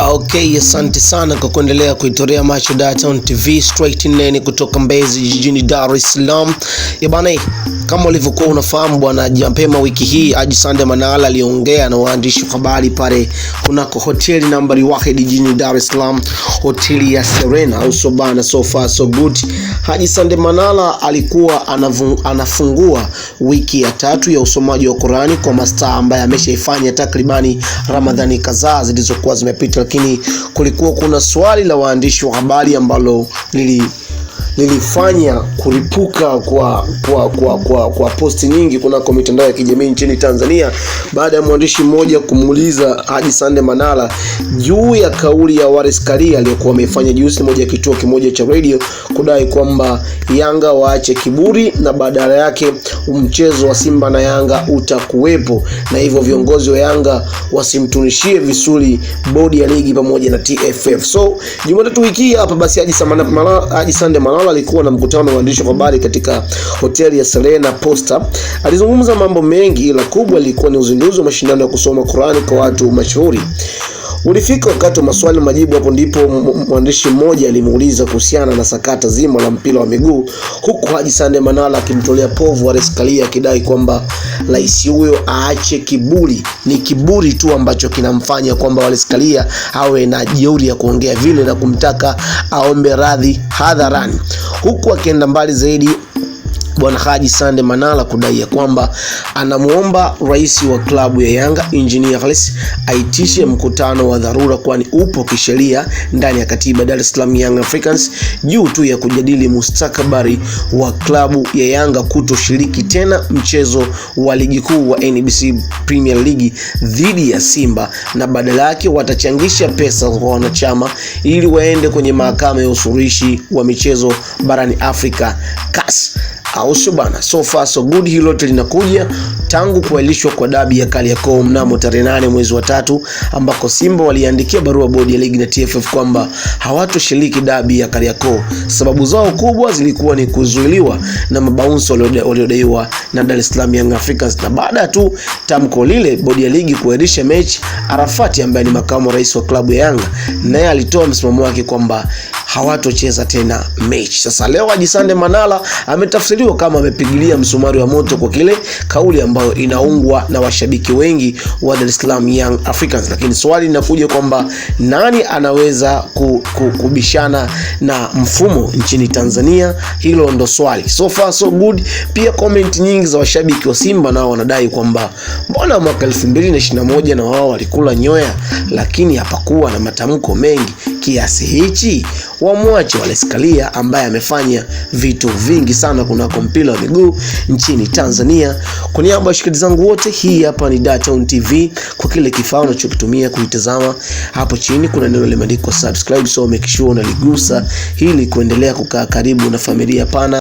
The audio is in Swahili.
a Okay, asante sana kwa kuendelea kuitolea macho Dar Town TV straight nene kutoka Mbezi jijini Dar es Salaam. Yabana, kama ulivyokuwa unafahamu bwana, mapema wiki hii Haji Sande Manara aliongea na waandishi wa habari pale kunako hoteli nambari wake jijini Dar es Salaam, hoteli ya Serena uso bana, so far so good. Haji Sande Manara alikuwa anafungua wiki ya tatu ya usomaji wa Qurani kwa mastaa ambaye ameshaifanya takribani Ramadhani kadhaa zilizokuwa zimepita lakini lakini kulikuwa kuna swali la waandishi wa habari ambalo lili lilifanya kulipuka kwa kwa, kwa, kwa, kwa posti nyingi kunako mitandao ya kijamii nchini Tanzania baada ya mwandishi mmoja kumuuliza Haji Sande Manara juu ya kauli ya Wallace Karia aliyokuwa amefanya juzi moja ya kituo kimoja cha radio kudai kwamba Yanga waache kiburi na badala yake mchezo wa Simba na Yanga utakuwepo na hivyo viongozi wa Yanga wasimtunishie visuli bodi ya ligi pamoja na TFF. So Jumatatu wiki hapa basi Haji Sande Manara Sala alikuwa na mkutano wa waandishi wa habari katika hoteli ya Serena Posta. Alizungumza mambo mengi, ila kubwa ilikuwa ni uzinduzi wa mashindano ya kusoma Qur'ani kwa watu mashuhuri. Ulifika wakati wa maswali majibu, hapo ndipo mwandishi mmoja alimuuliza kuhusiana na sakata zima la mpira wa miguu, huku Haji Sande Manara akimtolea povu Wallace Karia akidai kwamba rais huyo aache kiburi. Ni kiburi tu ambacho kinamfanya kwamba Wallace Karia awe na jeuri ya kuongea vile na kumtaka aombe radhi hadharani, huku akienda mbali zaidi Bwana Haji Sande Manala kudai ya kwamba anamwomba rais wa klabu ya Yanga Engineer Hersi aitishe mkutano wa dharura, kwani upo kisheria ndani ya katiba Dar es Salaam Young Africans juu tu ya kujadili mustakabali wa klabu ya Yanga kutoshiriki tena mchezo wa ligi kuu wa NBC Premier League dhidi ya Simba na badala yake watachangisha pesa kwa wanachama ili waende kwenye mahakama ya usuluhishi wa michezo barani Afrika CAS. Hausu bana, so far so good. Hilo lote linakuja tangu kuahirishwa kwa dabi ya Kariakoo mnamo tarehe nane mwezi wa tatu, ambako Simba waliandikia barua bodi ya ligi na TFF kwamba hawatoshiriki dabi ya Kariakoo. Sababu zao kubwa zilikuwa ni kuzuiliwa na mabaunsu waliodaiwa na Dar es Salaam Young Africans, na baada tu tamko lile bodi ya ligi kuahirisha mechi, Arafati ambaye ni makamu rais wa klabu ya Yanga naye alitoa msimamo wake kwamba hawatocheza tena mechi. Sasa leo ajisande manala ametafsiriwa kama amepigilia msumari wa moto kwa kile kauli ambayo inaungwa na washabiki wengi wa Dar es Salaam Young Africans, lakini swali linakuja kwamba nani anaweza kubishana na mfumo nchini Tanzania? Hilo ndo swali. So far so good. Pia comment nyingi za washabiki wa Simba nao wanadai kwamba mbona mwaka 2021 na wao walikula nyoya, lakini hapakuwa na matamko mengi kiasi hichi? Wamwache Waleskalia ambaye amefanya vitu vingi sana kunako mpira wa miguu nchini Tanzania. Kwa niaba ya washikaji zangu wote, hii hapa ni Dar Town TV. Kwa kile kifaa unachokitumia kuitazama hapo chini kuna neno limeandikwa subscribe, so make sure unaligusa ili kuendelea kukaa karibu na familia pana